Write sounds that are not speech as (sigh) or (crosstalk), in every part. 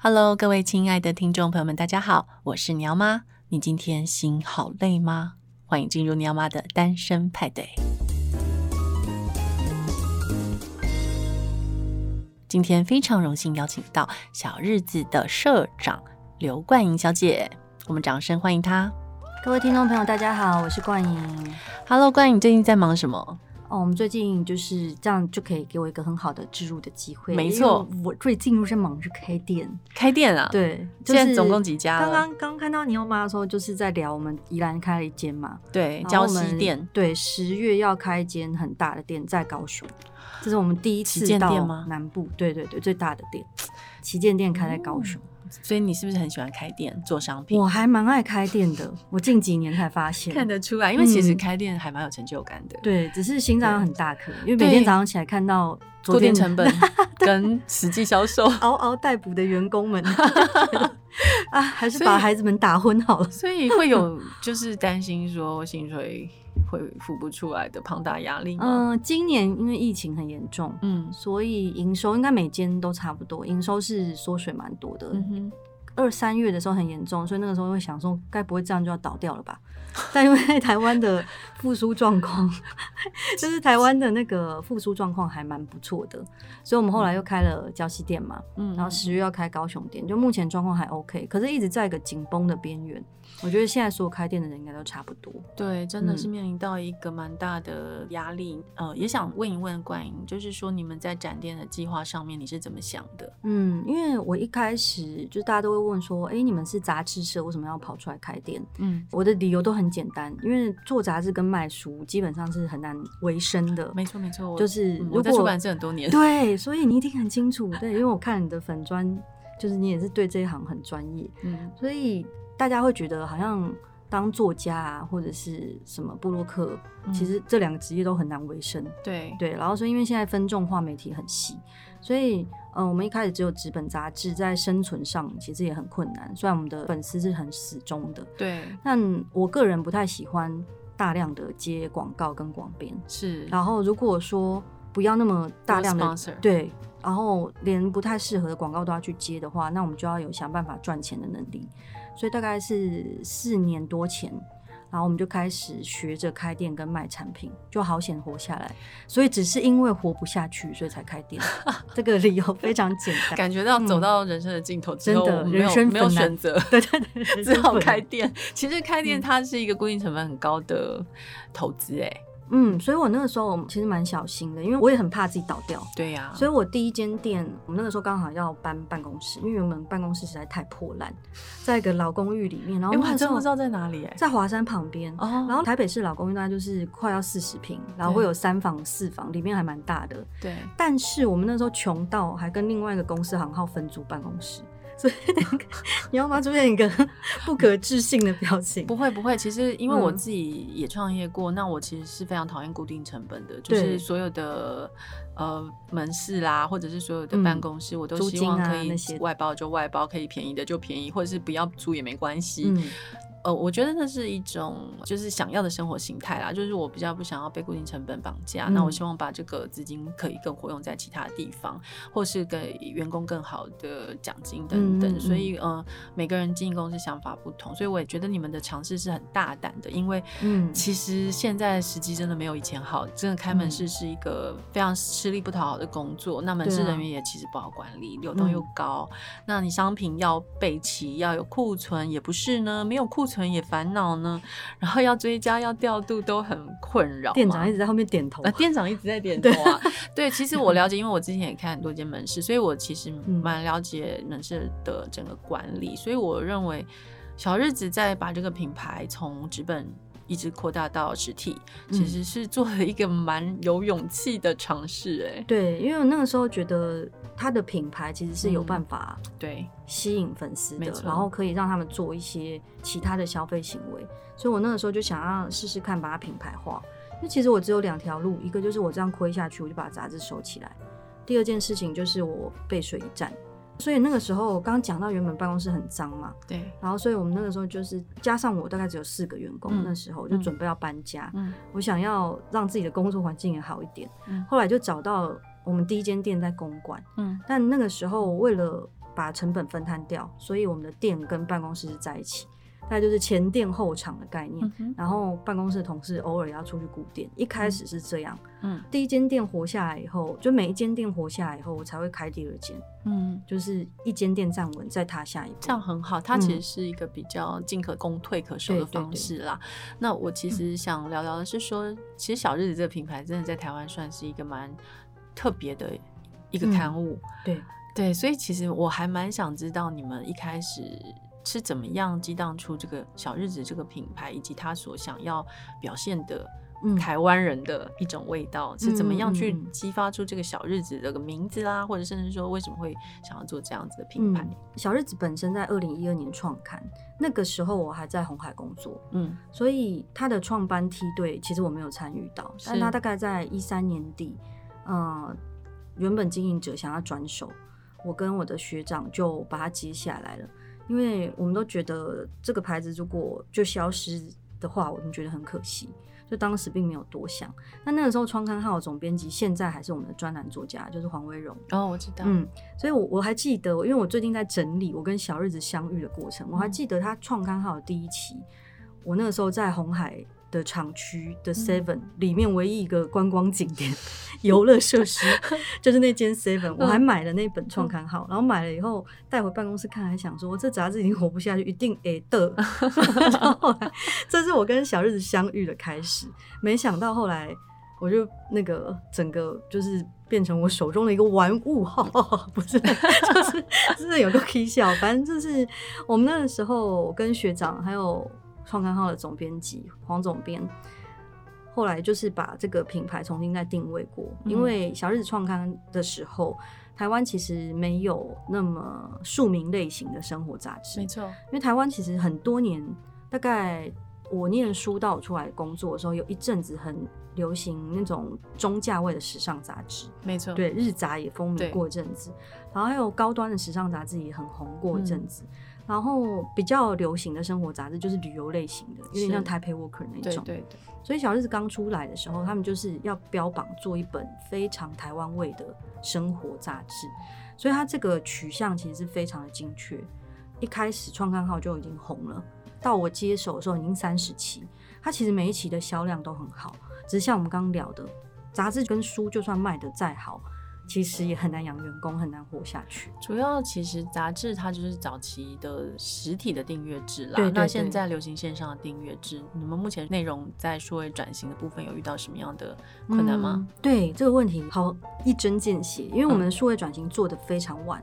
Hello，各位親愛的聽眾朋友們，大家好，我是尼奧媽。你今天心好累嗎？歡迎進入尼奧媽的單身派對。今天非常榮幸邀請到小日子的社長劉冠吟小姐，我們掌聲歡迎她。各位聽眾朋友，大家好，我是冠吟。Hello，冠吟，你最近在忙什麼？哦，我們最近就是這樣，就可以給我一個很好的置入的機會。沒錯，我最近是忙着開店。開店啊？對，就是、剛剛現在總共幾家？剛剛剛看到尼奧媽說，就是在聊我們宜蘭開了一間嘛。對，礁溪店。對，十月要開一間很大的店，在高雄，這是我們第一次到南部。嗎對對對，最大的店，旗艦店開在高雄。嗯所以你是不是很喜歡開店做商品？我還蠻愛開店的，我近幾年才發現 (laughs) 看得出來，因為其實開店還蠻有成就感的。嗯、對，只是心臟很大顆，對因為每天早上起來看到做店成本跟實際銷售 (laughs) 對， (laughs) 嗷嗷待哺的員工們啊， (laughs) (laughs) 還是把孩子們打昏好了所。所以會有就是擔心說薪水。會付不出來的龐大壓力。嗯、呃，今年因為疫情很嚴重，嗯，所以營收應該每間都差不多，營收是縮水蠻多的。二三、嗯、哼月的時候很嚴重，所以那個時候會想說，該不會這樣就要倒掉了吧？ (laughs) 但因為台灣的復甦狀況， (laughs) (laughs) 就是台灣的那個復甦狀況還蠻不錯的，所以我們後來又開了礁溪店嘛，嗯，然後十月要開高雄店，嗯、哼就目前狀況還 OK，可是一直在一個緊繃的邊緣。我覺得現在所有開店的人應該都差不多。對，真的是面臨到一個蠻大的壓力。嗯、呃，也想問一問冠吟，就是說你們在展店的計劃上面，你是怎麼想的？嗯，因為我一開始就大家都會問說，哎、欸，你們是雜誌社，為什麼要跑出來開店？嗯，我的理由都很簡單，因為做雜誌跟賣書基本上是很難維生的。嗯、沒錯沒錯，就是、嗯、果我在出版社很多年，對，所以你一定很清楚。對，因為我看你的粉專，就是你也是對這一行很專業。嗯，所以。大家會覺得好像當作家啊，或者是什麼部落客，嗯、其實這兩個職業都很難維生。對對，然後所以因為現在分眾化媒體很細，所以嗯、呃，我們一開始只有紙本雜誌，在生存上其實也很困難。雖然我們的粉絲是很死忠的，對。但我個人不太喜歡大量的接廣告跟廣編。是。然後如果說不要那麼大量的對，然後連不太適合的廣告都要去接的話，那我們就要有想辦法賺錢的能力。所以大概是四年多前，然後我們就開始學着開店跟賣產品，就好險活下來。所以只是因為活不下去，所以才開店。 (laughs) 這個理由非常簡單，感覺到走到人生的盡頭，嗯，真的沒有人生沒有選擇，對，對對，只好開店。其實開店它是一個固定成本很高的投資，欸，嗯，所以我那個時候我其實蠻小心的，因為我也很怕自己倒掉。對呀、啊，所以我第一間店，我們那個時候剛好要搬辦公室，因為我們辦公室實在太破爛，在一個老公寓裡面，然後反、欸、真不知道在哪裡、欸，在華山旁邊。然後台北市老公寓大概就是快要四十平，然後會有三房四房，對裡面還蠻大的。對，但是我們那個時候窮到還跟另外一個公司行號分租辦公室。所以 (laughs) 你要不要出現一個不可置信的表情？ (laughs) 不會不會，其實因為我自己也創業過，嗯、那我其實是非常討厭固定成本的，就是所有的。呃，門市啦，或者是所有的辦公室，嗯、我都希望可以外包就外包，啊、可以便宜的就便宜，或者是不要租也沒關係。嗯、呃，我覺得那是一種就是想要的生活形態啦，就是我比較不想要被固定成本綁架。嗯、那我希望把這個資金可以更活用在其他地方，或是給員工更好的獎金等等。嗯、所以，呃，每個人經營公司想法不同，所以我也覺得你們的嘗試是很大膽的，因為嗯，其實現在時機真的沒有以前好，真的開門市是一個非常力不討好的工作，那門市人員也其實不好管理，啊、流動又高。嗯、那你商品要備齊，要有庫存，也不是呢，沒有庫存也煩惱呢。然後要追加，要調度，都很困擾。店長一直在後面點頭啊，店長一直在點頭啊。 (laughs) 對， (laughs) 對，其實我了解，因為我之前也開很多間門市，所以我其實蠻了解門市的整個管理。所以我認為，小日子在把這個品牌從直本。一直擴大到實體，其實是做了一個蠻有勇氣的嘗試，欸、誒、嗯，對，因為我那個時候覺得它的品牌其實是有辦法對吸引粉絲的，嗯、然後可以讓他們做一些其他的消費行為，所以我那個時候就想要試試看把它品牌化。那其實我只有兩條路，一個就是我這樣虧下去，我就把雜誌收起來；第二件事情就是我背水一戰。所以那個時候，我剛講到原本辦公室很髒嘛，對。然後，所以我們那個時候就是加上我大概只有四個員工，嗯、那時候我就準備要搬家。嗯，我想要讓自己的工作環境也好一點。嗯，後來就找到我們第一間店在公館。嗯，但那個時候為了把成本分攤掉，所以我們的店跟辦公室是在一起。大概就是前店後廠的概念，嗯、哼然後辦公室的同事偶爾也要出去顧店。嗯、一開始是這樣，嗯，第一間店活下來以後，就每一間店活下來以後，我才會開第二間，嗯，就是一間店站穩再踏下一步，這樣很好。它其實是一個比較進可攻退可守的方式啦。嗯、對對對，那我其實想聊聊的是說，嗯、其實小日子這個品牌真的在台灣算是一個蠻特別的一個刊物，嗯、對對，所以其實我還蠻想知道你們一開始。是怎麼樣激盪出這個小日子這個品牌，以及他所想要表現的台灣人的一種味道？嗯、是怎麼樣去激發出這個小日子這個名字啊，嗯、或者甚至說為什麼會想要做這樣子的品牌？嗯、小日子本身在二零一二年創刊，那個時候我還在鴻海工作，嗯，所以他的創辦梯隊其實我沒有參與到，是但他大概在一三年底，嗯、呃，原本經營者想要轉手，我跟我的學長就把他接下來了。因為我們都覺得這個牌子如果就消失的話，我們覺得很可惜，就當時並沒有多想。那那個時候創刊號的總編輯現在還是我們的專欄作家，就是黃威榮。哦，我知道。嗯，所以我，我我還記得，因為我最近在整理我跟小日子相遇的過程，我還記得他創刊號的第一期，嗯、我那個時候在鴻海。的廠區的 Seven 裡面唯一一個觀光景點、遊樂設施 (laughs) 就是那間 Seven，我還買了那本創刊號，嗯、然後買了以後帶回辦公室看，還想說，我這雜誌已經活不下去，一定 dead。 (laughs) (laughs) 然後後來，這是我跟小日子相遇的開始。沒想到後來，我就那個整個就是變成我手中的一個玩物，哈， (laughs) (laughs) 不是，就是真的、就是、有個 k 笑反正就是我們那個時候跟學長還有。創刊號的總編輯黃總編，後來就是把這個品牌重新再定位過，嗯、因為小日子創刊的時候，臺灣其實沒有那麼庶民類型的生活雜誌，沒錯錯。因為臺灣其實很多年，大概我念書到出來工作的時候，有一陣子很流行那種中價位的時尚雜誌，沒錯錯。對，日雜也風靡過一陣子，對然後還有高端的時尚雜誌也很紅過一陣子。嗯然後比較流行的生活雜誌就是旅遊類型的，是有點像《台北 Worker》那種。對對對。所以小日子剛出來的時候，他們就是要標榜做一本非常台灣味的生活雜誌，所以它這個取向其實是非常的精確。一開始創刊號就已經紅了，到我接手的時候已經三十期，它其實每一期的銷量都很好。只是像我們剛剛聊的，雜誌跟書就算賣的再好。其實也很難養員工，嗯、很難活下去。主要其實雜誌它就是早期的實體的訂閱制啦，對對對。那現在流行線上的訂閱制。你們目前內容在數位轉型的部分有遇到什麼樣的困難嗎？嗯、對這個問題好一針見血，因為我們數位轉型做得非常晚。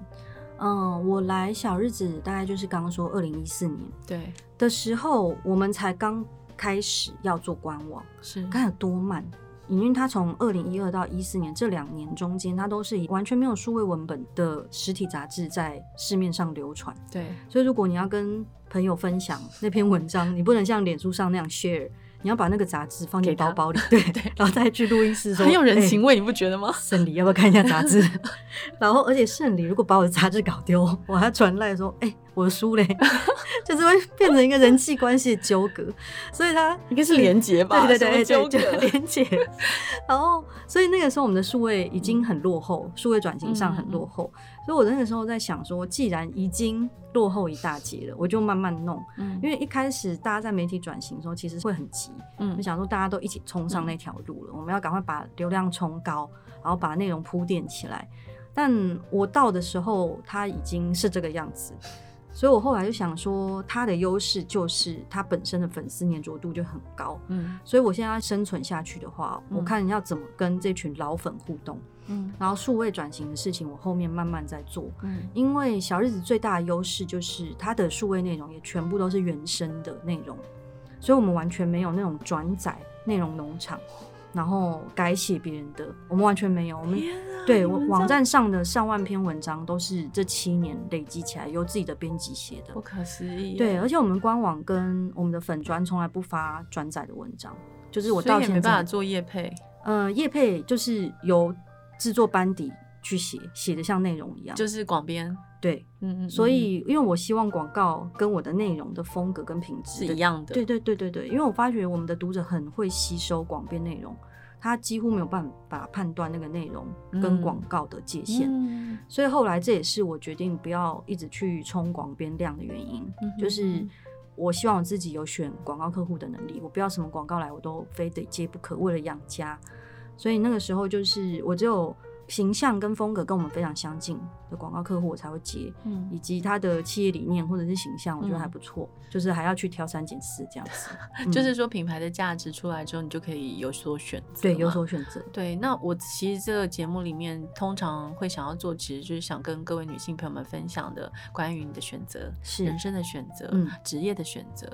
嗯,嗯，我來小日子大概就是剛剛說二零一四年對的時候，對我們才剛開始要做官網，是看有多慢。因為他從二零一二到一四年這兩年中間，他都是以完全沒有數位文本的實體雜誌在市面上流傳。對，所以如果你要跟朋友分享那篇文章，你不能像臉書上那樣 share，你要把那個雜誌放進包包裡，他對， (laughs) 對，然後再去錄音室，很有人情味，欸、你不覺得嗎？勝利要不要看一下雜誌？ (laughs) (laughs) 然後，而且勝利如果把我的雜誌搞丟，我還傳賴說，哎、欸。我輸嘞，就是會變成一個人際關係的糾葛，所以它應該是連結吧？對對對，糾葛連接。然後，所以那個時候我們的數位已經很落後，數位轉型上很落後。所以我那個時候在想說，既然已經落後一大截了，我就慢慢弄。因為一開始大家在媒體轉型的時候，其實會很急。嗯，就想說大家都一起衝上那條路了，我們要趕快把流量衝高，然後把內容鋪墊起來。但我到的時候，它已經是這個樣子。所以我後來就想說，他的優勢就是他本身的粉絲粘着度就很高。嗯，所以我現在要生存下去的話，嗯、我看要怎麼跟這群老粉互動。嗯，然後數位轉型的事情，我後面慢慢在做。嗯，因為小日子最大的優勢就是它的數位內容也全部都是原生的內容，所以我們完全沒有那種轉載內容農場。然後改寫別人的，我們完全沒有。我們對網站上的上萬篇文章都是這七年累積起來由自己的編輯寫的，不可思議、哦。對，而且我們官網跟我們的粉專從來不發轉載的文章，就是我到現在沒辦法做業配。嗯、呃，業配就是由製作班底，去寫寫得像內容一樣，就是廣編對，嗯，嗯嗯，所以因為我希望廣告跟我的內容的風格跟品質是一樣的，對對對對對，因為我發覺我們的讀者很會吸收廣編內容，他幾乎沒有辦法判斷那個內容跟廣告的界限，嗯、所以後來這也是我決定不要一直去衝廣編量的原因，嗯嗯，就是我希望我自己有選廣告客戶的能力，我不要什麼廣告來我都非得接不可，為了養家，所以那個時候就是我只有。形象跟風格跟我們非常相近的廣告客戶我才會接，嗯，以及他的企業理念或者是形象，我覺得還不錯，嗯、就是還要去挑三揀四這樣子，嗯、就是說品牌的價值出來之後，你就可以有所選擇，對，有所選擇。對，那我其實這個節目裡面通常會想要做，其實就是想跟各位女性朋友們分享的，關於你的選擇，是人生的選擇，嗯、職業的選擇。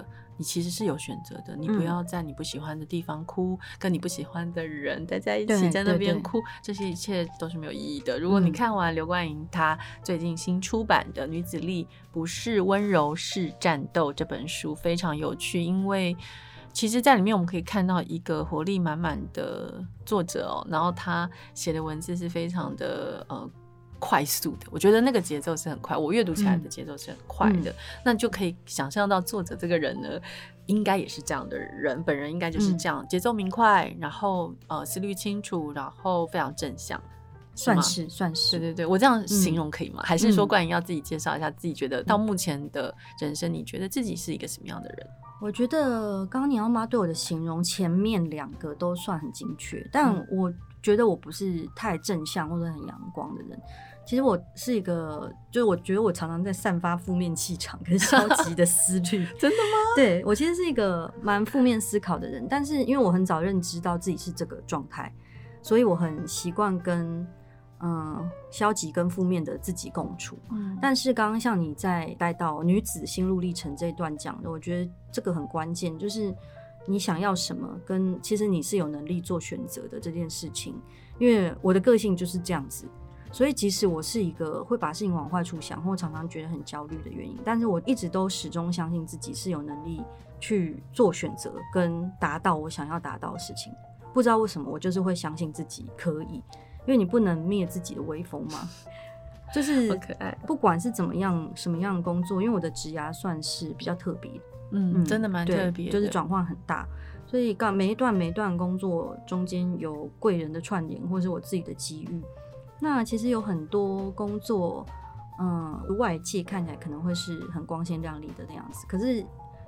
你其實是有選擇的，你不要在你不喜歡的地方哭，嗯、跟你不喜歡的人待在，在一起在那邊哭，這些一切都是沒有意義的。如果你看完劉冠吟他最近新出版的《女子力不是溫柔是戰鬥》這本書，非常有趣，因為其實，在裡面我們可以看到一個活力滿滿的作者、哦，然後他寫的文字是非常的呃。快速的，我覺得那個節奏是很快，我閱讀起來的節奏是很快的，嗯、那就可以想象到作者這個人呢，應該也是這樣的人，本人應該就是這樣，嗯、節奏明快，然後呃思慮清楚，然後非常正向，算是算是，算是對對對，我這樣形容可以嗎？嗯、還是說冠吟要自己介紹一下自己覺得到目前的人生，嗯、你覺得自己是一個什麼樣的人？我覺得剛剛尼奧媽對我的形容前面兩個都算很精確，但我覺得我不是太正向或者很陽光的人。其實我是一個，就是我覺得我常常在散發負面氣場跟消極的思慮。 (laughs) 真的嗎？對，我其實是一個蠻負面思考的人，但是因為我很早認知到自己是這個狀態，所以我很習慣跟嗯，消極跟負面的自己共處。 (laughs) 但是剛剛像你在帶到女子心路歷程這一段講的，我覺得這個很關鍵，就是你想要什麼，跟其實你是有能力做選擇的這件事情，因為我的個性就是這樣子。所以，即使我是一個會把事情往壞處想，或常常覺得很焦慮的原因，但是我一直都始終相信自己是有能力去做選擇跟達到我想要達到的事情。不知道為什麼，我就是會相信自己可以，因為你不能滅自己的威風嘛。 (laughs) 就是，很可愛。不管是怎麼樣，Okay. 什麼樣的工作，因為我的職涯算是比較特別，嗯，嗯，真的蠻特別，就是轉換很大，所以每一段每一段工作中間有貴人的串聯，或是我自己的機遇。那其實有很多工作，嗯，外界看起來可能會是很光鮮亮麗的那樣子，可是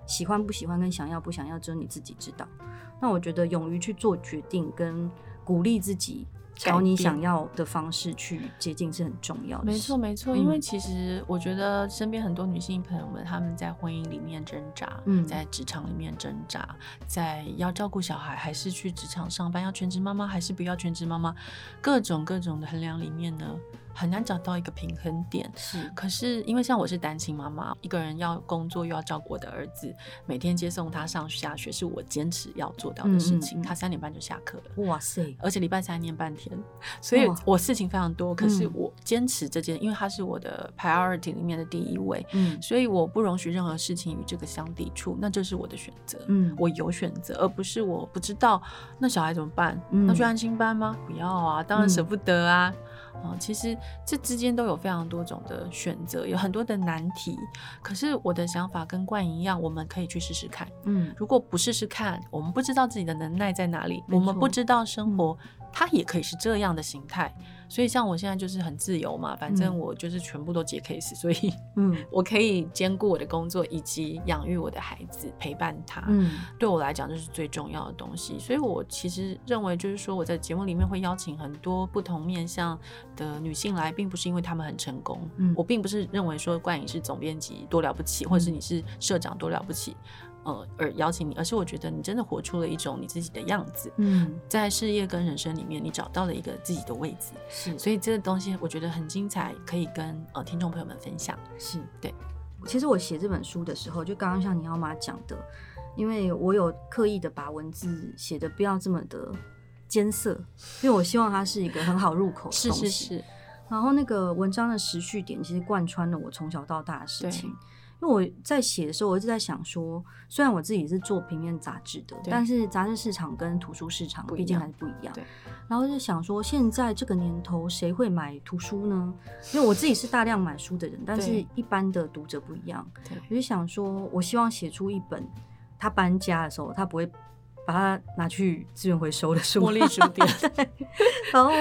喜歡不喜歡跟想要不想要，只有你自己知道。那我覺得勇於去做決定，跟鼓勵自己。找你想要的方式去接近是很重要的。沒錯，沒錯，因為其實我覺得身邊很多女性朋友們，她們、嗯、她們在婚姻裡面掙扎，在職場裡面掙扎，在要照顧小孩還是去職場上班，要全職媽媽還是不要全職媽媽，各種各種的衡量裡面呢。很難找到一個平衡點。是，可是因為像我是單親媽媽，一個人要工作又要照顧我的兒子，每天接送他上下學是我堅持要做到的事情。嗯嗯，他三點半就下課了。哇塞！而且禮拜三念半天，所以我事情非常多。哦、可是我堅持這件，因為他是我的 priority 裡面的第一位。嗯。所以我不容許任何事情與這個相抵觸。那這是我的選擇。嗯。我有選擇，而不是我不知道。那小孩怎麼辦？嗯、那去安親班嗎？不要啊，當然捨不得啊。嗯啊，其實這之間都有非常多種的選擇，有很多的難題。可是我的想法跟冠吟一樣，我們可以去試試看。嗯，如果不試試看，我們不知道自己的能耐在哪裡，沒錯，我們不知道生活它也可以是這樣的形態。所以像我現在就是很自由嘛，反正我就是全部都解 case，嗯，所以嗯，我可以兼顧我的工作以及養育我的孩子，陪伴他，嗯，對我來講就是最重要的東西。所以我其實認為就是說我在節目裡面會邀請很多不同面向的女性來，並不是因為他們很成功，嗯，我並不是認為說冠吟是總編輯多了不起，或者是你是社長多了不起。呃，而邀請你，而是我覺得你真的活出了一種你自己的樣子，嗯，在事業跟人生裡面，你找到了一個自己的位置，是，所以這個東西我覺得很精彩，可以跟呃聽眾朋友們分享。是對，其實我寫這本書的時候，是就剛剛像尼奧媽講的，對因為我有刻意的把文字寫得不要這麼的艱澀， (laughs) 因為我希望它是一個很好入口的東西。是是是，然後那個文章的時序點其實貫穿了我從小到大的事情。因為我在寫的時候，我一直在想說，雖然我自己也是做平面雜誌的，對但是雜誌市場跟圖書市場畢竟還是不一樣。不一樣，然後就想說，現在這個年頭，誰會買圖書呢？因為我自己是大量買書的人，但是一般的讀者不一樣。對我就想說，我希望寫出一本他搬家的時候，他不會把它拿去資源回收的書。茉莉書店。 (laughs) 然後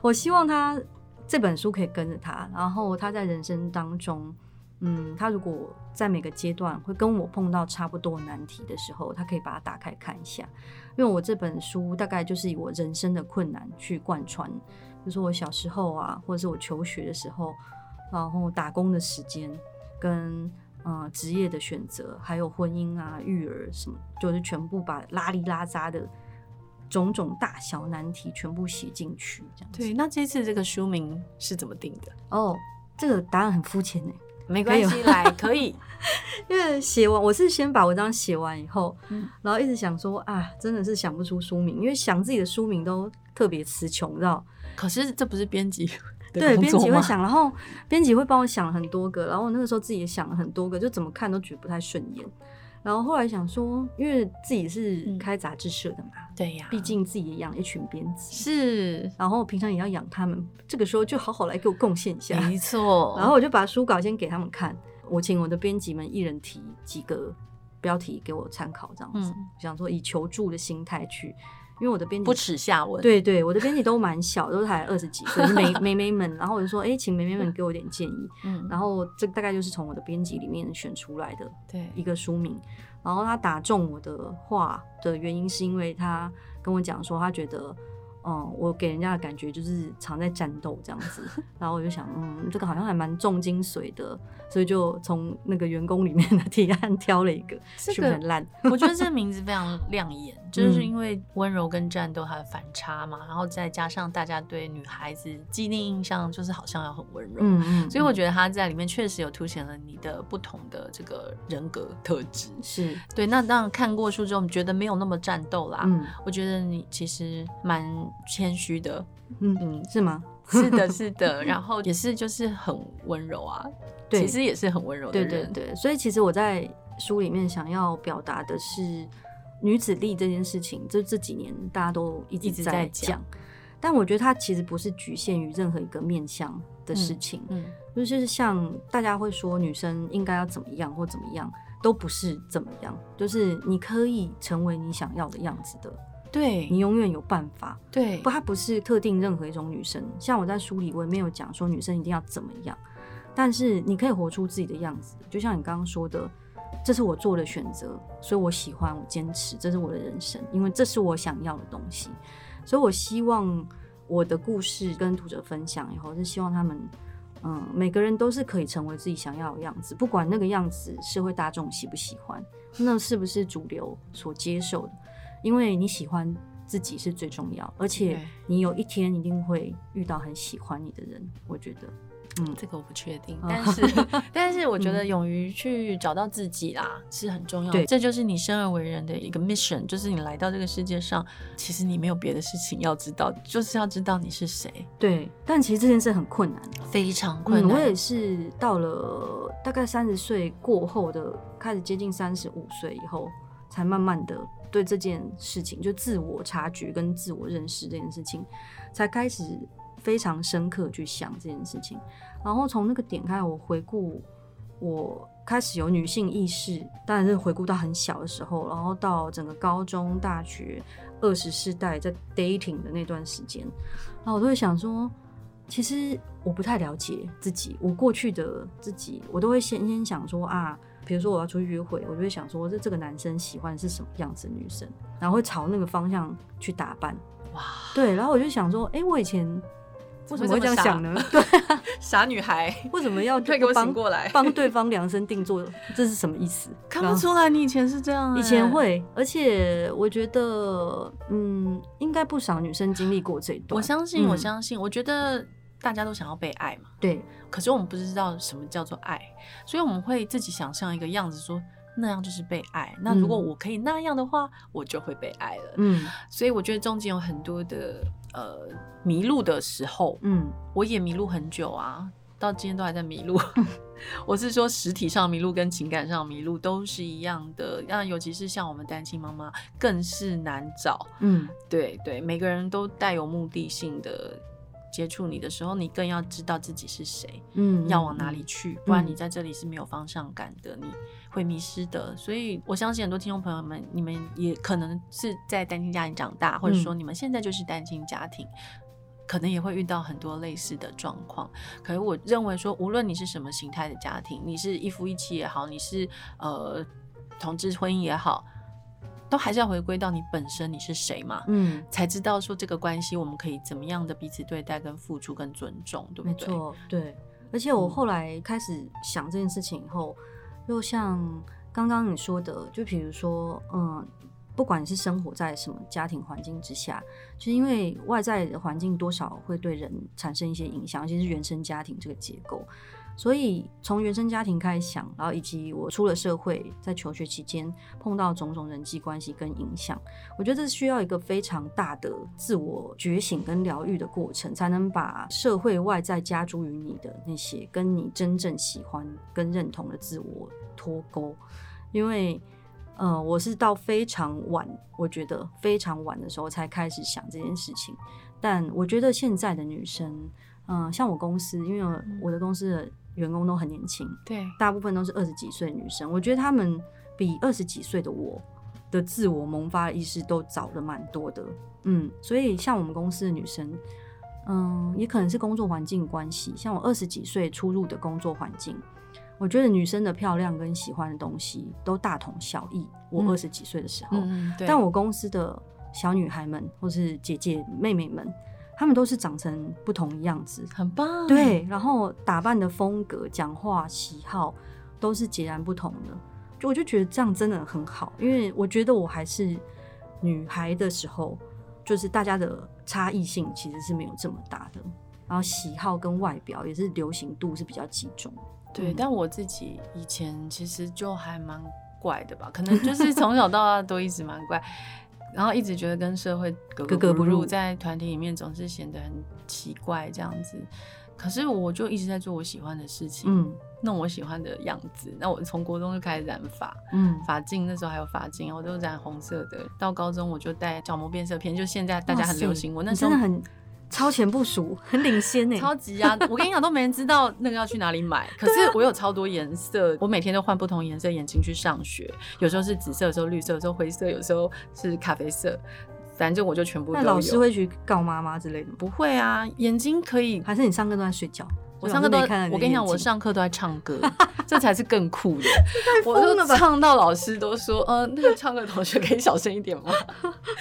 我希望他這本書可以跟着他，然後他在人生當中。嗯，他如果在每個階段會跟我碰到差不多難題的時候，他可以把它打開看一下，因為我這本書大概就是以我人生的困難去貫穿，就是我小時候啊，或者是我求學的時候，然後打工的時間跟，跟、呃、職業的選擇，還有婚姻啊、育兒什麼，就是全部把拉里拉雜的種種大小難題全部寫進去，這樣。對，那這次這個書名是怎麼定的？哦，這個答案很膚淺哎、欸。沒關係，可來可以。 (laughs) 因為寫完，我是先把我文章寫完以後，嗯、然後一直想說啊，真的是想不出書名，因為想自己的書名都特別詞窮，你知道，可是這不是編輯，對，編輯會想，然後編輯會幫我想很多個，然後我那個時候自己也想了很多個，就怎麼看都覺得不太順眼。然後後來想說，因為自己是開雜誌社的嘛、嗯，對呀，畢竟自己也養了一群編輯是，然後平常也要養他們，這個時候就好好來給我貢獻一下，沒錯。然後我就把書稿先給他們看，我請我的編輯們一人提幾個標題給我參考，這樣子、嗯、想說以求助的心態去。因為我的編輯不恥下問，對，對對，我的編輯都蠻小，都是才二十幾歲，美 (laughs) 妹妹們。然後我就說，哎、欸，請妹妹們給我一點建議。嗯、然後這大概就是從我的編輯裡面選出來的，對一個書名。對然後他打中我的話的原因，是因為他跟我講說，他覺得，嗯，我給人家的感覺就是常在戰鬥這樣子。 (laughs) 然後我就想，嗯，這個好像還蠻重精髓的，所以就從那個員工裡面的提案挑了一個。這個，是不是很爛？我覺得這個名字非常亮眼。 (laughs) 就是因為溫柔跟戰鬥還有反差嘛，嗯、然後再加上大家對女孩子既定印象就是好像要很溫柔，嗯、所以我覺得她在裡面確實有凸顯了你的不同的這個人格特質。是對，那當然看過書之後，你覺得沒有那麼戰鬥啦。嗯、我覺得你其實蠻謙虛的。嗯嗯，是嗎？是的，是的。然後也是就是很溫柔啊，對其實也是很溫柔的人。對對對，所以其實我在書裡面想要表達的是。女子力這件事情，就這幾年大家都一直在講，在講，但我覺得它其實不是局限於任何一個面向的事情，嗯嗯，就是像大家會說女生應該要怎麼樣或怎麼樣，都不是怎麼樣，就是你可以成為你想要的樣子的，對你永遠有辦法。對，不，它不是特定任何一種女生，像我在書裡我也沒有講說女生一定要怎麼樣，但是你可以活出自己的樣子，就像你剛剛說的。這是我做的選擇，所以我喜歡，我堅持，這是我的人生，因為這是我想要的東西，所以我希望我的故事跟讀者分享以後，是希望他們，嗯，每個人都是可以成為自己想要的樣子，不管那個樣子社會大眾喜不喜歡，那是不是主流所接受的？因為你喜歡自己是最重要，而且你有一天一定會遇到很喜歡你的人，我覺得。嗯，這個我不確定，但是、哦、 (laughs) 但是我覺得勇於去找到自己啦，是很重要的。對，這就是你生而為人的一個 mission，就是你來到這個世界上，其實你沒有別的事情要知道，就是要知道你是誰。對，但其實這件事很困難，非常困難、嗯。我也是到了大概三十歲過後的，開始接近三十五歲以後，才慢慢的對這件事情，就自我察覺跟自我認識這件事情，才開始非常深刻去想這件事情，然後從那個點開始，我回顧我開始有女性意識，當然是回顧到很小的時候，然後到整個高中、大學、二十世代在 dating 的那段時間，然後我都會想說，其實我不太了解自己，我過去的自己，我都會先先想說啊，比如說我要出去約會，我就會想說這這個男生喜歡是什麼樣子的女生，然後會朝那個方向去打扮，哇，對，然後我就想說，哎、欸，我以前。為什麼會這樣想呢？麼麼對， (laughs) 傻女孩，為什麼要快給我醒過來？幫對方量身定做，這是什麼意思？ (laughs) 那看不出來，你以前是這樣、欸。以前會，而且我覺得，嗯，應該不少女生經歷過這一段。我相信，嗯、我相信，我覺得大家都想要被愛嘛。對，可是我們不知道什麼叫做愛，所以我們會自己想象一個樣子說。那樣就是被愛。那如果我可以那樣的話，嗯，我就會被愛了。嗯，所以我覺得中間有很多的呃迷路的時候。嗯，我也迷路很久啊，到今天都還在迷路。 (laughs) 我是說實體上迷路跟情感上迷路都是一樣的。那尤其是像我們單親媽媽，更是難找。嗯，對對，每個人都帶有目的性的。接觸你的時候，你更要知道自己是誰，嗯，要往哪裡去，不然你在這裡是沒有方向感的，嗯，你會迷失的。所以我相信很多聽眾朋友們，你們也可能是在單親家庭長大，或者說你們現在就是單親家庭，嗯，可能也會遇到很多類似的狀況。可是我認為說，無論你是什麼形態的家庭，你是一夫一妻也好，你是呃同志婚姻也好。都還是要回歸到你本身你是誰嘛，嗯，才知道說這個關係我們可以怎麼樣的彼此對待、跟付出、跟尊重，對不對？沒錯，對。而且我後來開始想這件事情以後，又，嗯，像剛剛你說的，就比如說，嗯，不管你是生活在什麼家庭環境之下，就是因為外在的環境多少會對人產生一些影響，尤其是原生家庭這個結構。所以從原生家庭開始想，然後以及我出了社會，在求學期間碰到種種人際關係跟影響，我覺得這需要一個非常大的自我覺醒跟療癒的過程，才能把社會外在加諸於你的那些跟你真正喜歡跟認同的自我脫鈎。因為，呃，我是到非常晚，我覺得非常晚的時候才開始想這件事情。但我覺得現在的女生，嗯、呃，像我公司，因為我的公司的。員工都很年輕，對，大部分都是二十幾歲女生。我覺得她們比二十幾歲的我的自我萌發意識都早了蠻多的，嗯。所以像我們公司的女生，嗯，也可能是工作環境關係，像我二十幾歲初入的工作環境，我覺得女生的漂亮跟喜歡的東西都大同小異。嗯、我二十幾歲的時候，嗯、但我公司的小女孩們或是姐姐妹妹們。他們都是長成不同樣子，很棒。對，然後打扮的風格、講話喜好都是截然不同的。就我就覺得這樣真的很好，因為我覺得我還是女孩的時候，就是大家的差異性其實是沒有這麼大的。然後喜好跟外表也是流行度是比較集中。對，嗯、但我自己以前其實就還蠻怪的吧，可能就是從小到大都一直蠻怪。然後一直覺得跟社會格格格格不入，在團體裡面總是顯得很奇怪這樣子。可是我就一直在做我喜歡的事情，嗯、弄我喜歡的樣子。那我從國中就開始染髮，嗯，髮禁那時候還有髮禁，我都染紅色的。到高中我就戴角膜變色片，就現在大家很流行。啊、是我那時候你真的很。超前部署，很領先呢、欸，超級啊！我跟你講，都沒人知道那個要去哪裡買。 (laughs) 可是我有超多顏色，我每天都換不同顏色的眼睛去上學。有時候是紫色，有時候綠色，有時候灰色，有時候是咖啡色。反正我就全部都有。那老師會去告媽媽之類的嗎？不會啊，眼睛可以。還是你上課都在睡覺？我上課都……在看。我跟你講，我上課都在唱歌， (laughs) 這才是更酷的。 (laughs) 我都唱到老師都說：“嗯、 (laughs) 呃，那個唱歌的同學可以小聲一點嗎？”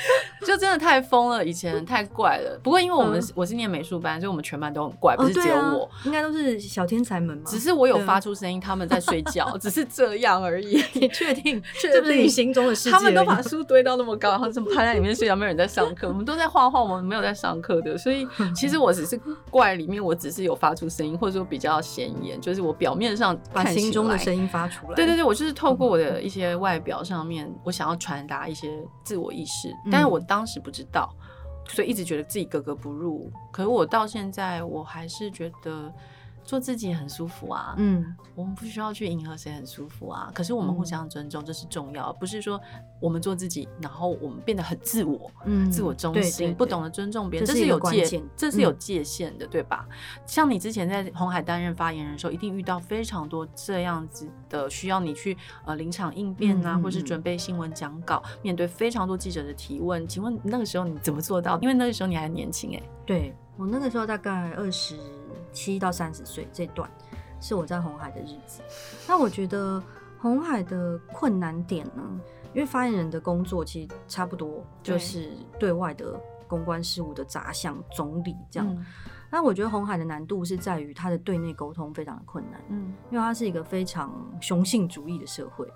(laughs) 真的太瘋了，以前太怪了。不過因為我們我是念美術班，所以我們全班都很怪，不是只有我。應該都是小天才們吧？只是我有發出聲音，他們在睡覺，只是這樣而已。你確定這不是你心中的事情？他們都把書堆到那麼高，然後怎麼趴在裡面睡覺？沒有人在上課，我們都在畫畫，我們沒有在上課的。所以其實我只是怪裡面，我只是有發出聲音，或者說比較顯眼，就是我表面上把心中的聲音發出來。對對對，我就是透過我的一些外表上面，我想要傳達一些自我意識。但是我當是不知道，所以一直覺得自己格格不入。可是我到現在，我還是覺得。做自己很舒服啊，嗯，我們不需要去迎合誰，很舒服啊。可是我們互相尊重，這是重要，嗯、不是說我們做自己，然後我們變得很自我，嗯，自我中心，對對對，不懂得尊重別人，這是，這是有界，嗯、這是有界限的，對吧？像你之前在鴻海擔任發言人的時候，一定遇到非常多這樣子的，需要你去呃臨場應變啊，嗯、或是準備新聞講稿，面對非常多記者的提問。請問那個時候你怎麼做到？嗯、因為那個時候你還年輕、欸，哎，對，我那個時候大概二十。七到三十歲這段是我在鴻海的日子。那我覺得鴻海的困難點呢，因為發言人的工作其實差不多就是對外的公關事務的雜項總理這樣。那、嗯、我覺得鴻海的難度是在於他的對內溝通非常的困難。嗯，因為他是一個非常雄性主義的社會，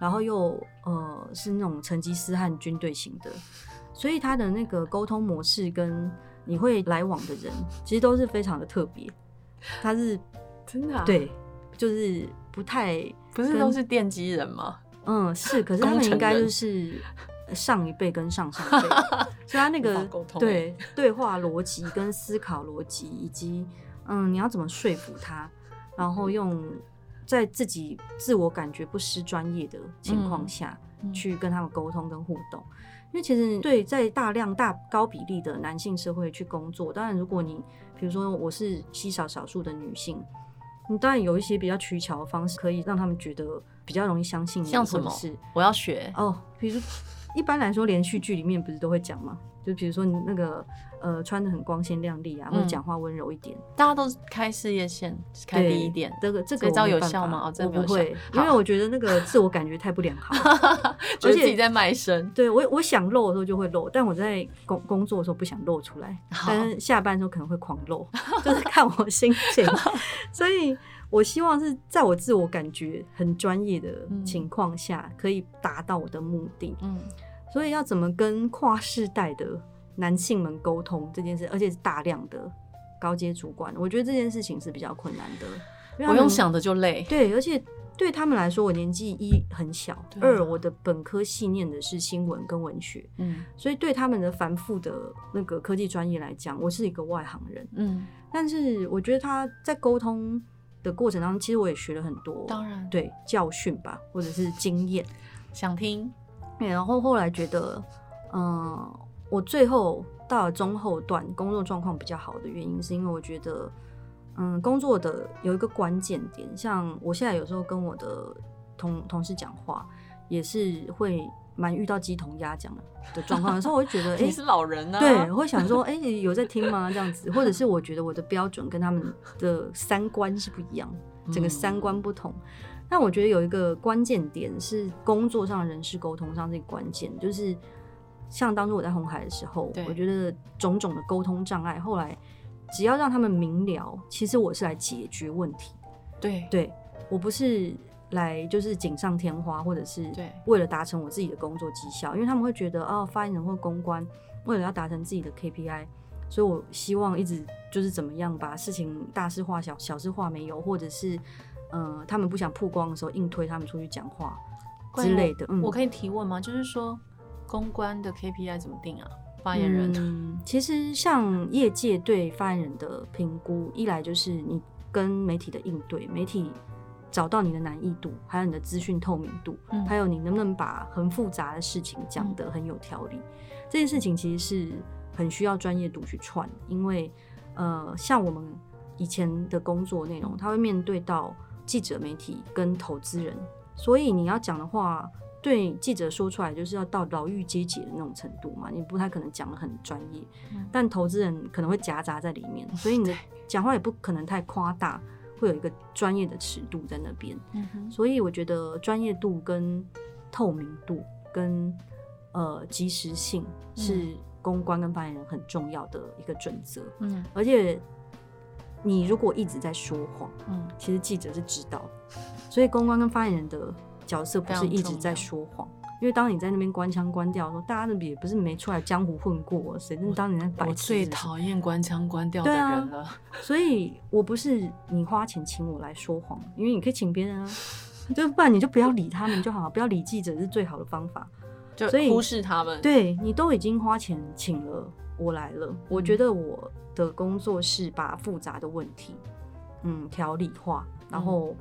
然後又呃是那種成吉思汗軍隊型的，所以他的那個溝通模式跟你會來往的人其實都是非常的特別。他是真的、啊，對，就是不太不是都是電機人嗎？嗯，是，可是他們應該就是上一輩跟上上輩， (laughs) 所以他那個溝通對對話邏輯跟思考邏輯以及嗯，你要怎麼說服他，然後用在自己自我感覺不失專業的情況下，去跟他們溝通跟互動。嗯嗯、因為其實對在大量大高比例的男性社會去工作，當然如果你。比如說，我是稀少少數的女性，你當然有一些比較取巧的方式，可以讓他們覺得比較容易相信你。像什麼？我要學哦。Oh, 比如說一般來說，連續劇裡面不是都會講嗎？就比如說你那個呃，穿得很光鮮亮麗啊，或者講話溫柔一點，嗯，大家都開事業線，對開低一點。這個這個招有效嗎？哦、效我不會，好因為我覺得那個自我感覺太不良好，而且 (laughs) 自己在賣身。對我，我想露的時候就會露，但我在工工作的時候不想露出來，好但是下班的時候可能會狂露，好就是看我心情。 (laughs) 所以我希望是在我自我感覺很專業的情況下，可以達到我的目的。嗯。嗯所以要怎麼跟跨世代的男性們溝通這件事，而且是大量的高階主管，我覺得這件事情是比較困難的。不用想的就累。對，而且對他們來說，我年紀一很小，對二我的本科系念的是新聞跟文學，嗯，所以對他們的繁複的那個科技專業來講，我是一個外行人，嗯。但是我覺得他在溝通的過程當中，其實我也學了很多，當然，對教訓吧，或者是經驗，想聽。然後後來覺得，嗯，我最後到了中後段，工作狀況比較好的原因，是因為我覺得，嗯，工作的有一個關鍵點，像我現在有時候跟我的同同事講話，也是會蠻遇到雞同鴨講的狀況，有時候我會覺得，哎、欸，你是老人啊！對，我會想說，哎、欸，你有在聽嗎？這樣子，或者是我覺得我的標準跟他們的三觀是不一樣，整個三觀不同。嗯但我覺得有一個關鍵點是工作上人事溝通上是一個關鍵，就是像當初我在鴻海的時候，對我覺得種種的溝通障礙，後來只要讓他們明了，其實我是來解決問題，對對，我不是來就是錦上添花，或者是為了達成我自己的工作績效，對因為他們會覺得哦，發言人或公關為了要達成自己的 KPI，所以我希望一直就是怎麼樣把事情大事化小，小事化沒有，或者是。呃，他們不想曝光的時候，硬推他們出去講話之類的。嗯、我可以提問嗎？就是說，公關的 KPI 怎麼定啊？發言人、嗯，其實像業界對發言人的評估，一來就是你跟媒體的應對，媒體找到你的難易度，還有你的資訊透明度，嗯、還有你能不能把很複雜的事情講得很有條理。嗯、這件事情其實是很需要專業度去串，因為呃，像我們以前的工作內容，他、嗯、會面對到。記者、媒體跟投資人，所以你要講的話，對記者說出來就是要到老嫗皆解的那種程度嘛，你不太可能講的很專業，嗯、但投資人可能會夾雜在裡面，所以你的講話也不可能太誇大，會有一個專業的尺度在那邊。嗯、哼所以我覺得專業度、跟透明度、跟、跟呃及時性是公關跟發言人很重要的一個準則、嗯。嗯，而且。你如果一直在說謊，嗯，其實記者是知道的，所以公關跟發言人的角色不是一直在說謊，因為當你在那邊官腔官調的時候，說大家的也不是沒出來江湖混過，誰真當你在擺爛。我最討厭官腔官調的人了、啊，所以我不是你花錢請我來說謊，因為你可以請別人啊，對， (laughs) 不然你就不要理他們就好了，不要理記者是最好的方法，就忽視他們，對你都已經花錢請了。我來了，我覺得我的工作是把複雜的問題，嗯，條理化，然後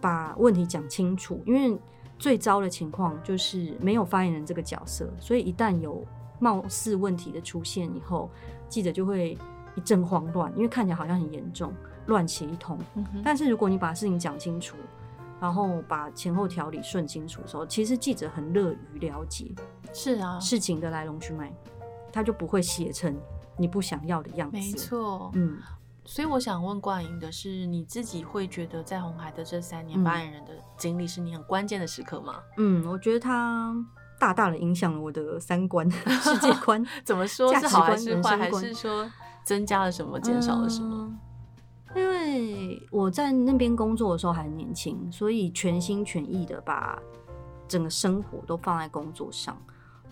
把問題講清楚。因為最糟的情況就是沒有發言人這個角色，所以一旦有貌似問題的出現以後，記者就會一陣慌亂，因為看起來好像很嚴重，亂其一通。嗯、哼但是如果你把事情講清楚，然後把前後條理順清楚的時候，其實記者很樂於了解，是啊，事情的來龍去脈。他就不會寫成你不想要的樣子。沒錯錯，嗯，所以我想問冠吟的是，你自己會覺得在鴻海的這三年發言人的經歷是你很關鍵的時刻嗎？嗯，我覺得它大大的影響了我的三觀、世界觀， (laughs) 怎麼說？價值觀是還是說增加了什麼，減少了什麼、嗯？因為我在那邊工作的時候還很年輕，所以全心全意的把整個生活都放在工作上。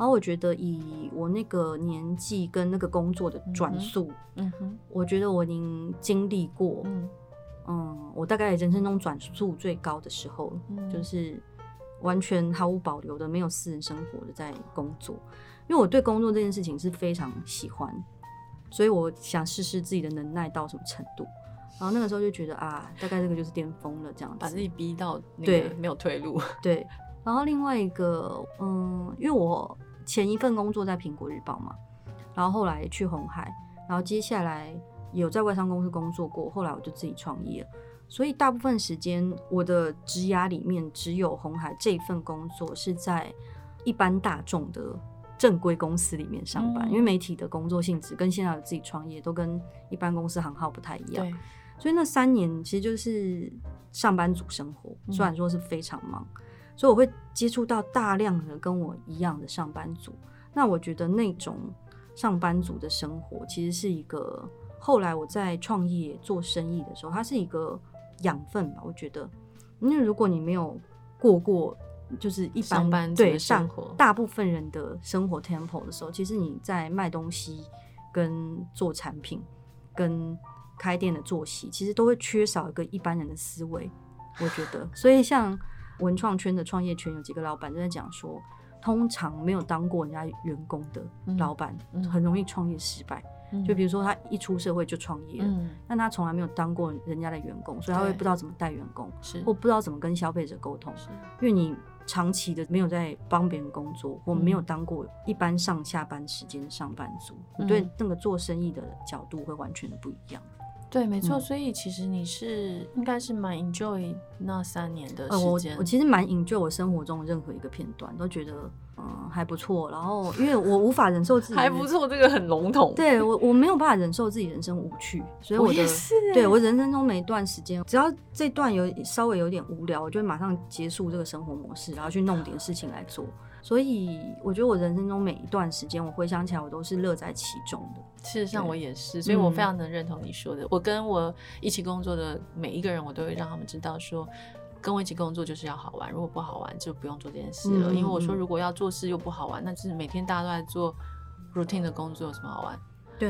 然後我覺得以我那個年紀跟那個工作的轉速，嗯哼，我覺得我已經經歷過，嗯，嗯，我大概人生中轉速最高的時候，嗯，就是完全毫無保留的、沒有私人生活的在工作，因為我對工作這件事情是非常喜歡，所以我想試試自己的能耐到什麼程度。然後那個時候就覺得啊，大概這個就是巔峰了，這樣子把自己逼到對，沒有退路，對，對。然後另外一個，嗯，因為我。前一份工作在蘋果日報嘛，然後後來去鴻海，然後接下來有在外商公司工作過，後來我就自己創業了。所以大部分時間我的職涯裡面只有鴻海這份工作是在一般大眾的正規公司裡面上班，嗯、因為媒體的工作性質跟現在的自己創業都跟一般公司行號不太一樣，對所以那三年其實就是上班族生活，雖然說是非常忙。嗯所以我會接觸到大量的跟我一樣的上班族，那我覺得那種上班族的生活其實是一個後來我在創業做生意的時候，它是一個養分吧。我覺得，因為如果你沒有過過就是一般對生活對大，大部分人的生活 tempo 的時候，其實你在賣東西、跟做產品、跟開店的作息，其實都會缺少一個一般人的思維。我覺得， (laughs) 所以像。文創圈的創業圈有幾個老闆正在講說，通常沒有當過人家員工的老闆，嗯、很容易創業失敗。嗯、就比如說他一出社會就創業了，嗯、但他從來沒有當過人家的員工，嗯、所以他會不知道怎麼帶員工，對或不知道怎麼跟消費者溝通。是因為你長期的沒有在幫別人工作，我們、嗯、沒有當過一般上下班時間的上班族，嗯、你對那個做生意的角度會完全不一樣。對，沒錯，所以其實你是應該是蠻 enjoy 那三年的時間。嗯，我其實蠻 enjoy 我生活中的任何一個片段，都覺得嗯還不錯。然後因為我無法忍受自己還不錯，這個很籠統。對，我我沒有辦法忍受自己人生無趣，所以我的我對我人生中每一段時間，只要這段有稍微有點無聊，我就會馬上結束這個生活模式，然後去弄點事情來做。所以我覺得我人生中每一段時間，我回想起來我都是樂在其中的。事實上我也是，對所以我非常能認同你說的。嗯、我跟我一起工作的每一個人，我都會讓他們知道說，跟我一起工作就是要好玩。如果不好玩，就不用做這件事了。嗯、因為我說，如果要做事又不好玩，那就是每天大家都在做 routine 的工作，有什麼好玩？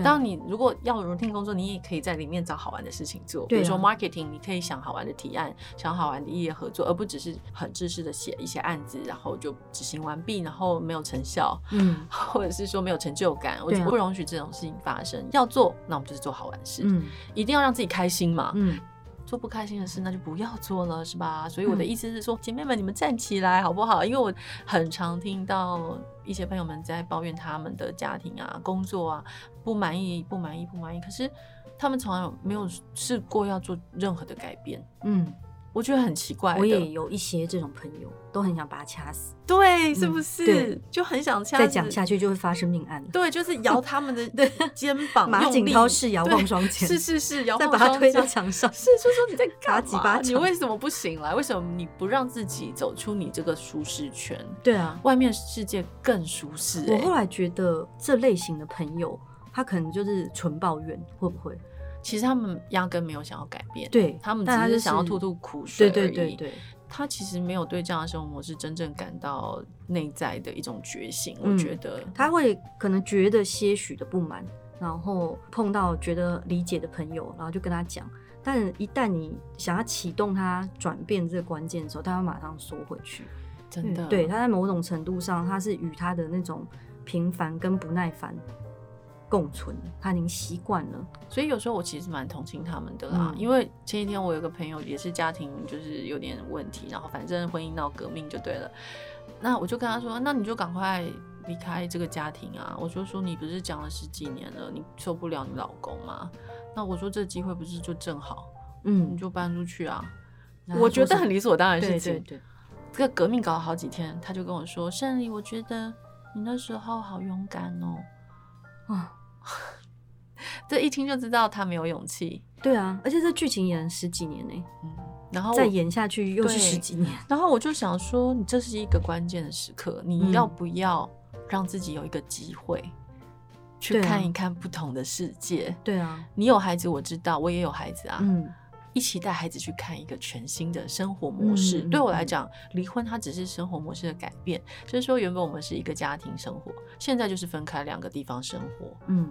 當、啊、你如果要融聽、啊、工作，你也可以在裡面找好玩的事情做。啊、比如說 marketing，你可以想好玩的提案，想好玩的異業合作，而不只是很自私的寫一些案子，然後就執行完畢，然後沒有成效。嗯。或者是說沒有成就感，我就、啊、不容許這種事情發生。要做，那我們就是做好玩事。嗯、一定要讓自己開心嘛。嗯。做不開心的事，那就不要做了，是吧？所以我的意思是說，嗯、姐妹們，你們站起來好不好？因為我很常聽到一些朋友們在抱怨他們的家庭啊、工作啊，不滿意、不滿意、不滿意，可是他們從來沒有試過要做任何的改變，嗯。我覺得很奇怪，我也有一些這種朋友，都很想把他掐死，對，是不是？嗯、就很想掐死。再講下去就會發生命案。對，就是搖他們的肩膀用力， (laughs) 馬景濤是搖晃雙肩，是是是，搖晃雙肩，再把他推到牆上。 (laughs) 是，就說，說你在幹嘛？你為什麼不行了？為什麼你不讓自己走出你這個舒適圈？對啊，外面世界更舒適，欸。我後來覺得這類型的朋友，他可能就是純抱怨，會不會？其實他們壓根沒有想要改變，對，他們只是想要吐吐苦水而已。他，對對對對。他其實沒有對這樣的生活模式真正感到內在的一種覺醒，嗯、我覺得他會可能覺得些許的不滿，然後碰到覺得理解的朋友，然後就跟他講。但一旦你想要啟動他轉變這個關鍵的時候，他會馬上縮回去。真的，嗯、對他在某種程度上，他是與他的那種平凡跟不耐煩共存，他已經習慣了，所以有時候我其實蠻同情他們的啦。嗯、因為前幾天我有個朋友也是家庭就是有點問題，然後反正婚姻鬧革命就對了。那我就跟他說：“那你就趕快離開這個家庭啊！”我說：“說你不是講了十幾年了，你受不了你老公嗎？”那我說：“這機會不是就正好？嗯，你就搬出去啊？”嗯、我覺得很理所當然的事情，對對，這個革命搞了好幾天，他就跟我說：“勝利，我覺得你那時候好勇敢哦、喔。”啊。這 (laughs) 一聽就知道他沒有勇氣。對啊，而且這劇情演十幾年呢，欸，嗯，然後再演下去又是十幾年。然後我就想說，你這是一個關鍵的時刻，你要不要讓自己有一個機會，去看一看不同的世界？對啊，對啊，你有孩子，我知道，我也有孩子啊，嗯。一起帶孩子去看一個全新的生活模式。嗯、對我來講，嗯、離婚它只是生活模式的改變。就是說，原本我們是一個家庭生活，現在就是分開兩個地方生活。嗯，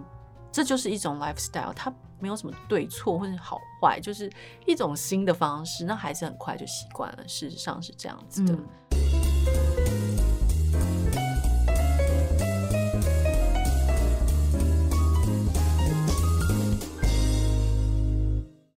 這就是一種 lifestyle，它沒有什麼對錯或是好壞，就是一種新的方式。那孩子很快就習慣了，事實上是這樣子的。嗯